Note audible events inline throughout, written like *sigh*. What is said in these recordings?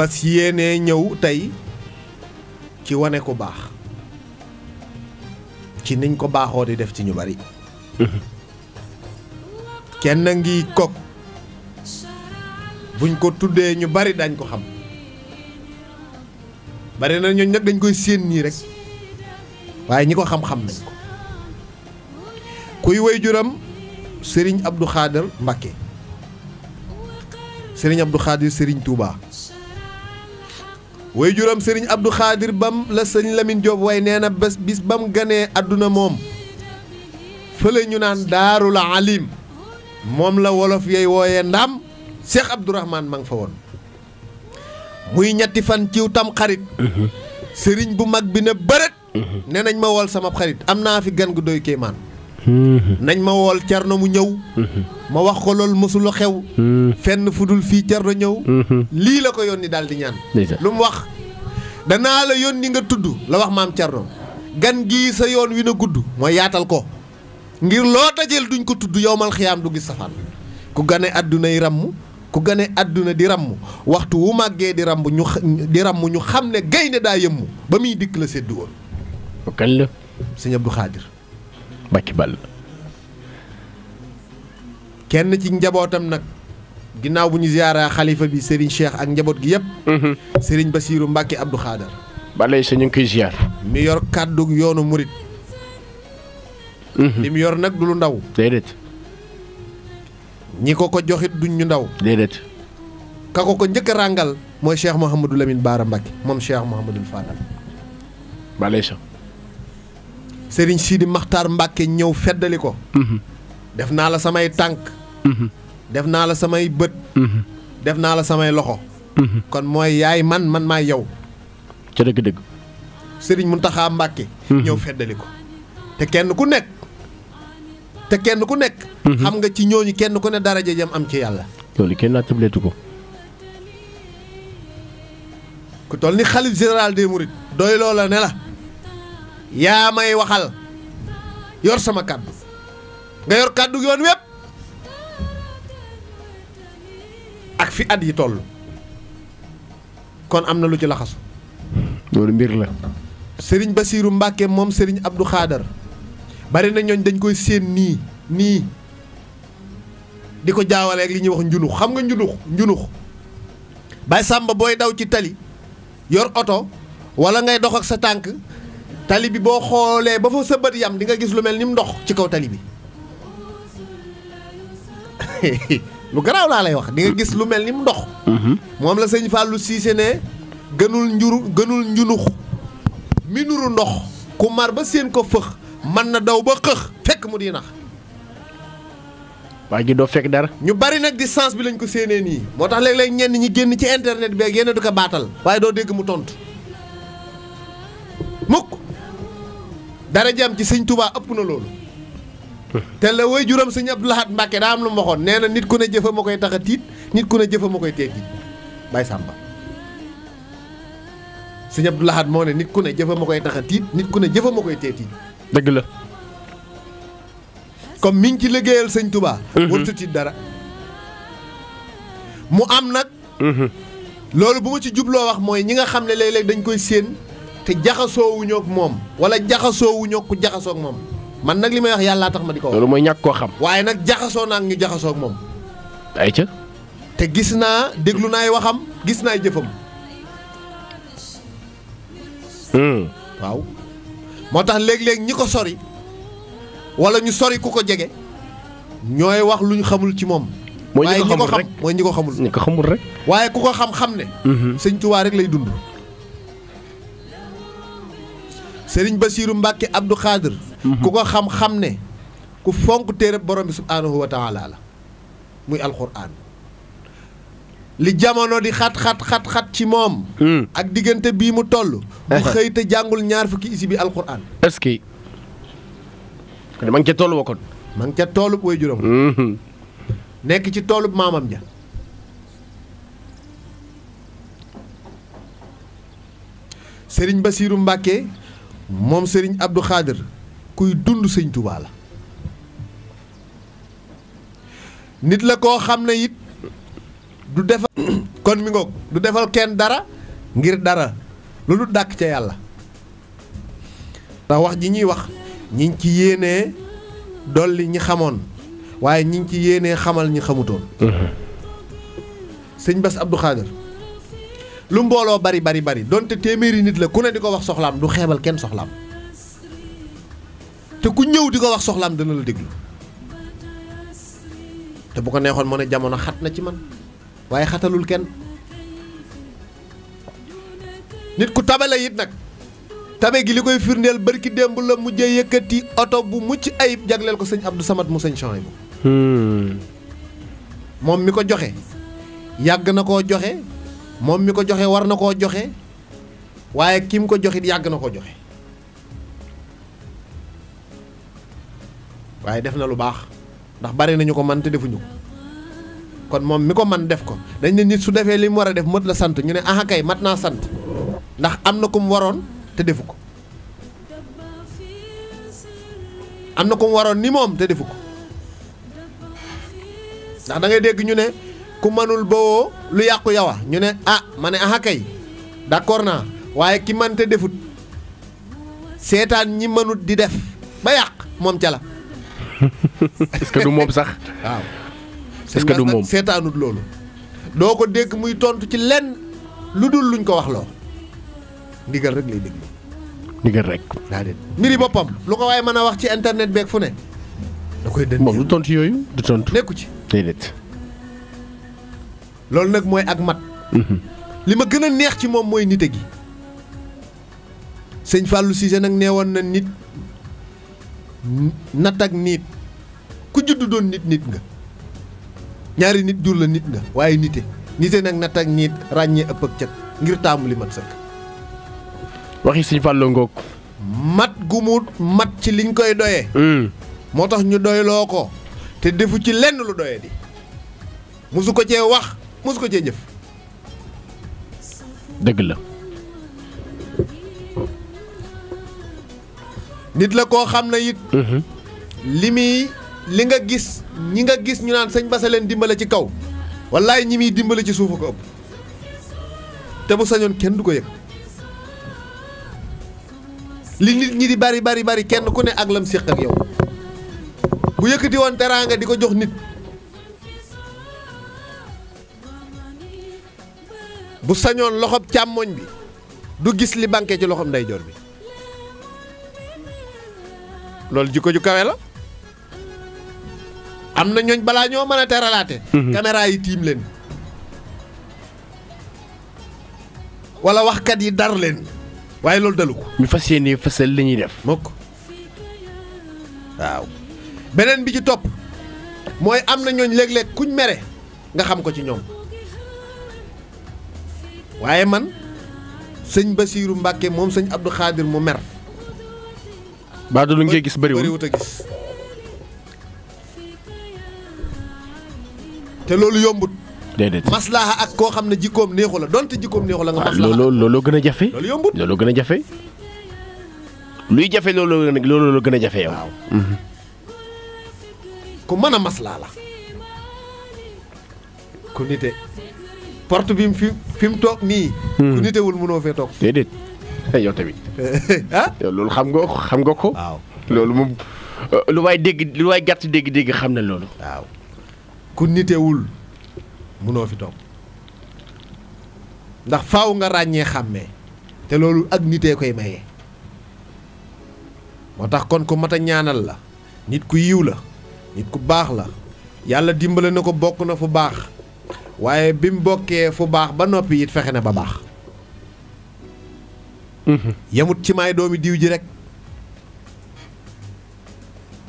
fas yéenee ñëw tey ci wane ku baax ci niñ ko baaxoo di def ci ñu bari kenn ngi kok buñ ko tuddee ñu bari dañ ko xam bari na ñooñ nag dañ koy séen nii rek waaye ñi ko xam-xam nañ kuy woy juram sëriñ Abdou Khader Mbacké sëriñ Abdou Khader sëriñ Touba. way juróom sëriñ Abdou ba mu la sëñ Lamine Diop way nee na bes bis ba mu ganee àdduna moom fële ñu naan daarul alim moom la wolof yey wooyee ndam Cheikh Abdourahmane ma ngi fa woon muy ñetti fan ciw tam xarit mhm. sëriñ bu mag bi ne bërët mhm. nee nañ ma wol sama xarit am naa fi gan gu doy kéemaan Mm-hmm. nañ ma wool cerno mu ñëw mm-hmm. ma wax ko lool mësula xew mm-hmm. fenn fudul fii cerno ñëw lii la ko yónni daal di ñaan lu mu wax la nga la wax maam gan gi sa yoon wi na gudd mooy yaatal ko ngir loo dajel duñ ko tudd yowmal xiyaam du gis safaan ku gane àddunay ràmm ku gane àdduna di ràmm waxtu wu màggee di ràmm ñu di ràmm ñu ba la kan la abdou bàcc bàll kenn ci njabootam nag ginnaaw bu ñu ziyaara xalifa bi sëriñ Cheikh ak njaboot gi yëpp. Mhm. Serigne Bassirou Mbacke Abdou Khader. sa ñu ngi koy ziar. mi yor kàddu yoonu murit mhm. li yor nag du lu ndaw. ñi ko ko joxit duñ ñu ndaw. ka ko ko njëkk ràngal mooy Cheikh Mouhamadou Lamine Baara Mbacke moom Cheikh Mouhamadou Fadal. balay sa. sëriñ Sidi Maxtaar Mbàkke ñëw feddali ko mhm. def naa la samay tànk mhm. def naa la samay bët mhm. def naa la samay loxo kon mooy yaay man man maay yow ca dëgg-dëgg sëriñ Muntaxa Mbàkke ñëw feddali ko te kenn ku nekk te kenn ku nekk xam nga ci ñu kenn ku ne daraja jam am ci yàlla loolu kenn naa ko ku toll ni xalif général des mourides doy loola ne la Ya may waxal yor sama kaddu nga yor kaddu yoon wépp ak fi at yi toll kon am na lu ci laxasu loolu mbir la serigne Basiiru mbake mom serigne abdou khader bari na ñooñ dañ koy seen ni ni diko jaawale ak li ñuy wax njunux xam nga njunux njunux bay samba boy daw ci tali yor auto wala ngay dox ak sa tank tali bi boo xoolee ba fa sëbët yam di nga gis lu mel ni mu ndox ci kaw tali bi *laughs* lu garaaw laa lay wax di gis lu mel ni mu ndox. Mhm. moom la sëñ Fallou Cissé ne gënul njuru gënul njunux mi nuru ndox ku mar ba seen ko fëx mën na daw ba xëx fekk mu di nax. waa ji doo fekk dara. ñu bari nag distance bi lañ ko séenee nii moo tax léeg-léeg ñenn ñi génn ci internet beeg yenn du ko baatal waaye doo dégg mu tontu. dara jam ci sëñ tubaa ëpp na loolu te la woy juróom sëñ Abdou Lahad Mbacke daa am lu ma nee na nit ku ne jëfa ma koy taxa a tiit nit ku ne jëfa ma koy teggi Baye Samba sëñ Abdou Lahad moo ne nit ku koy tax a ku ne jëfa koy teggi dëgg la comme mi ngi ci liggéeyal sëñ Touba mhm. warut tiit dara mu am nag mhm. loolu bu ma ci jubloo wax mooy ñi nga xam ne léeg-léeg dañ koy séen te jaxasoo jaxasoowuñu ak moom wala jaxasoowuñu ak ku jaxasoo ak moom man nag li may wax yàllaa tax ma di ko wax. loolu mooy ñàkk koo xam. waaye nag jaxasoo naa ak ñu jaxasoo ak moom. ay ca. te gis naa déglu naay waxam gis naay jëfam. Hmm. waaw moo tax léeg-léeg ñi ko sori wala ñu sori ku ko jege ñooy wax lu ñu xamul ci moom. mooy ñi rek waaye ñi ko xamul. ñi ko xamul rek. waaye ku ko xam xam ne. Mm-hmm. Sëñ Tuubaa rek lay dund. sëriñ Basiiru Mbàkke Abdu Xaadir mhm. ku ko xam-xam ne ku fonk téere borom bi subhaanahu wa taala la muy alxuraan li jamono di xat xat xat xat ci moom hmm. ak diggante bii mu toll bu eh. xëy te jàngul ñaar fukki isi bi alxuraan est-ce ma ngi ca toolu wa ngi ca toolub way juróom hmm. nekk ci toolub maamam ja Basiiru Mbàkke moom sëriñ abdu Khadir kuy dund sëñ Touba nit la koo xam ne it du defal *coughs* kon mi ngoog du defal kenn dara ngir dara lu du dàkk ca yàlla ndax wax ji ñuy wax ñi ngi ci yéenee dolli ñi xamoon waaye ñi ngi ci yéenee xamal ñi xamutoon mm-hmm. sëñ Bass Abdou Khadir lu mbooloo bari bari bari donte téeméeri nit la ku ne di ko wax soxlaam du xeebal kenn soxlaam te ku ñëw di ko wax soxlaam dana la déglu te bu ko neexoon moo ne jamono xat na ci man waaye xatalul kenn nit ku tabale it nag tabe gi li koy firndeel bërki démb la mujj yëkkati oto bu mucc ayib jagleel ko sañ Abdou Samad mu sëñ Chouaïbou hmm. moom mi ko joxe yàgg na koo joxe mom mi ko joxe war na ko joxe waye kim ko joxit yag na ko joxe waye def na lu bax ndax bari nañu ko man te defuñu kon mom mi ko man def ko dañ ne nit su defé lim wara def mot la sante ñu ne aha kay mat naa ndax amna kum waron te defu ko kum waron ni mom te defu ndax da ngay deg ñu ne ku manul bawoo lu yàqu yawa ah. ñu ne ah mané aha kay d'accord na waye ki mante defut seetaan ñi manut di def ba yàq mom ci la. *laughs* est-ce que du mom sax. *laughs* waaw est-ce que du mom seetaanut lolu doo ko dégg muy tontu ci lenn lu luñ ko wax lo ndigal rek lay ndigal rek. da den miri bopam lu ko waye mëna wax ci internet bek fu ne. da koy dënd mom du tontu yoyu du tontu. nekku ci loolu nag mooy ak mat. Mhm. li ma gën a neex ci moom mooy nite gi. sëñ Fallou Cissé nag nee woon na nit nat ak niit ku judd doon nit nit nga ñaari nit jur la nit nga waaye nite nite nag nat ak niit ràññee ëpp ak cat ngir taamu li mat sëkk. waxi sëñ Fallou ngoog. mat gu mu mat ci liñ koy doye mm. moo tax ñu doyloo ko te defu ci lenn lu doye di. musu ko cee wax mosu ko cee jëf. la. nit la koo xam ne it. Mhm. li muy li nga gis ñi nga gis ñu naan sëñ basa leen dimbale ci kaw wallaay ñi muy dimbale ci suufu ko ëpp te bu sañoon kenn du ko yëg li nit ñi di bari bari bari kenn ku ne ak lam séq ak yow bu yëkkati woon teraanga di ko jox nit. bu sañoon loxob càmmoñ bi du gis li banqué ci loxob ndeyjoor bi loolu jikko ju kawe la am na ñooñ balaa ñoo mën a teralaate mhm. caméra yi tiim leen wala waxkat yi dar leen waaye loolu dalu ko ñu fas yéene fësal li ñuy def mukk waaw beneen bi ci topp mooy am na ñooñ léeg-léeg kuñ mere nga xam ko ci ñoom waaye man sëñ Basiiru Mbàkke moom sëñ Abdou Xaadir mu mer baa du lu ngee gis bëriwut a gis te loolu yombut déedéet maslaaxa ak koo xam ne jikkoom neexu la donte jikkoom neexu la nga maslaaxa loolu loolu gën a jafe loolu yombut loolu gën a jafe luy jafe loolu loolu gën a jafe yow ku mën a maslaa la ku nite porte bi mu fi fi mu toog nii. Hmm. ku nitewul mënoo fee toog. déedéet eh, yow tamit. *laughs* ah loolu xam nga xam nga ko. waaw loolu moom euh, lu waay dégg lu waay gàtt dégg-dégg xam na loolu. waaw ku nitewul mënoo fi toog ndax faw nga ràññee xàmmee te loolu ak nitee koy maye. moo tax kon ku mat a ñaanal la nit ku yiw la nit ku baax la yàlla dimbale na ko bokk na fu baax. waaye bi mu bokkee fu baax ba noppi it fexe na ba baax mhm. yamut ci maay doomi diw ji rek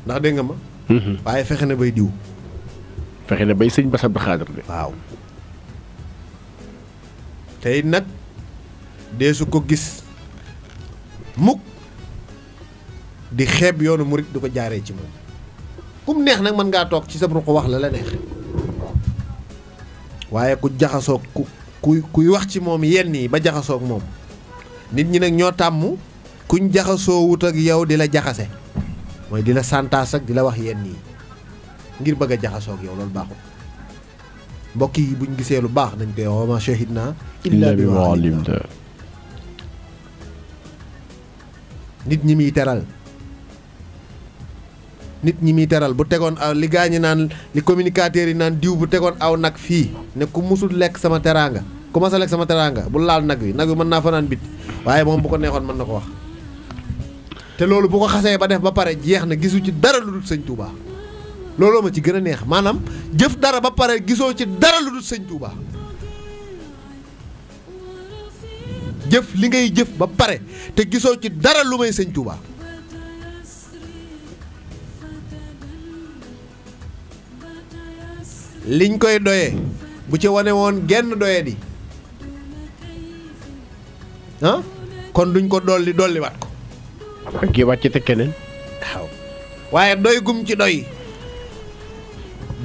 ndax dégg nga ma mhm. waaye fexe na bay diw fexe ne bay sëñ ba Abdou Khadre bi waaw tey nag deesu ko gis mukk di xeeb yoonu murit di ko jaaree ci moom kum neex nag mën ngaa toog ci sa ruq wax la la neex waaye ku jaxasoog ku ku kuy wax ci moom yenn yi ba ak moom nit ñi nag ñoo tàmm kuñ jaxasoo wut ak yow di la jaxase mooy di la santaas ak di la wax yenn yi ngir bëgg a jaxasoo ak yow loolu baaxul mbokk yi buñ gisee lu baax dañ koy wama shahidna illa bi waalimna nit ñi muy teral nit ñi muy teral bu tegoon aw ah, li gaañi naan li communicateurs yi naan diw bu tegoon aw nag fii ne ku musul lekk sama teraanga ku mas lekk sama teraanga bu laal nag wi nag wi mën naa fanaan bit waaye moom bu ko neexoon mën na ko wax te loolu bu ko xasee ba def ba pare jeex na gisu ci dara lu dul sëñ Touba looloo ma ci gën a neex maanaam jëf dara ba pare gisoo ci dara lu dul jëf li ngay jëf ba pare te gisoo ci dara lu may liñ koy doyee bu ci wane woon genn doye di ah kon duñ ko dolli dolliwaat ko. ak kii wàcc te keneen. waaw waaye doy gum ci doy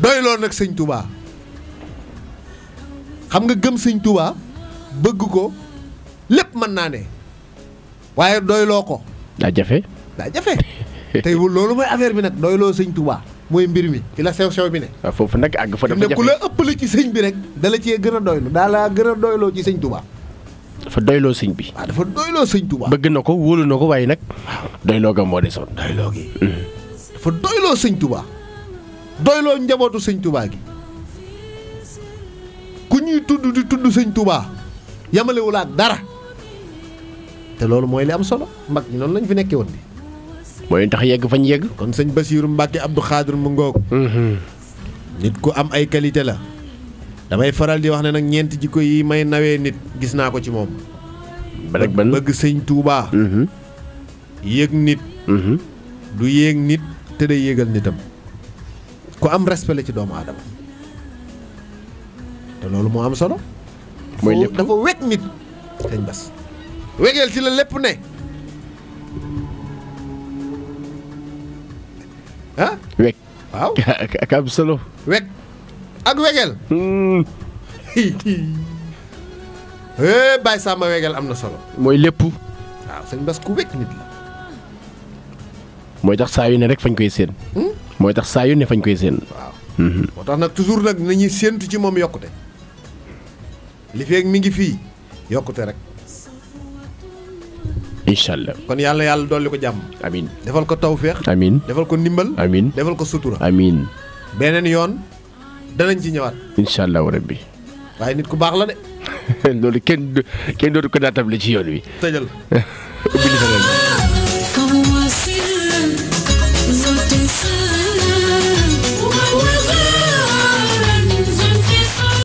doy loo nag sëñ Touba xam nga gëm sëñ Touba bëgg ko lépp mën naa ne waaye doyloo ko. daa jafe. daa jafe tey loolu mooy affaire bi nag doyloo sëñ Touba. mooy mbir mi fi la sew sew bi ne. waaw foofu nag àgg fa dafa jafe ne ku la ëppale ci sëñ bi rek. dala cee gën a doylu daa laa gën a doyloo ci sëñ Touba. dafa doyloo sëñ bi. waaw dafa doyloo sëñ Touba. bëgg ko wóolu ko waaye nag. doyloo ga moo desoon. doyloo gi. Mm. dafa doyloo sëñ njabootu sëñ tubaa gi. ku ñuy tudd di tudd sëñ Touba yamalewul ak dara. te loolu mooy li am solo mag ñi noonu lañu fi nekkee woon. moy tax yegg fañ yegg. kon sëñ basirou Mbàkke abdou khadir mu hmm nit ku am ay qualité la. damay faral di wax ne nak ñent jikko yi may nawé nit gis na ko ci mom ban ban bëgg touba hmm yegg nit. Mhm. du yegg nit té day yegal nitam. ku am respect la ci doomu adam té lolu mo am solo. moy lepp dafa wekk nit. sëñ Bas. wegeel ci la ne. ah waaw *laughs* ak am solo weg ak wegel hmm. *laughs* eh, bàyyi sàmba wegel am na solo mooy lépp waaw sëñ Bass ku wekk nit la mooy tax saa yu ne rek fañ koy séen hmm? mooy tax saa yu ne fañ koy séen waaw hmm. moo tax nag toujours nag nañuy séentu ci moom yokkute li feeg mi ngi fii yokkute rek incha allah kon yàlla yàlla dolli ko jàmm. amiin defal ko tawféex. amiin defal ko ndimbal. amin defal ko sutura. amiin beneen yoon danañ ci ñëwaat. incha allahu rabbi. waaye nit ku baax la de. *laughs* loolu kenn kenn dootu ko naatable ci yoon wi. tëjal *laughs*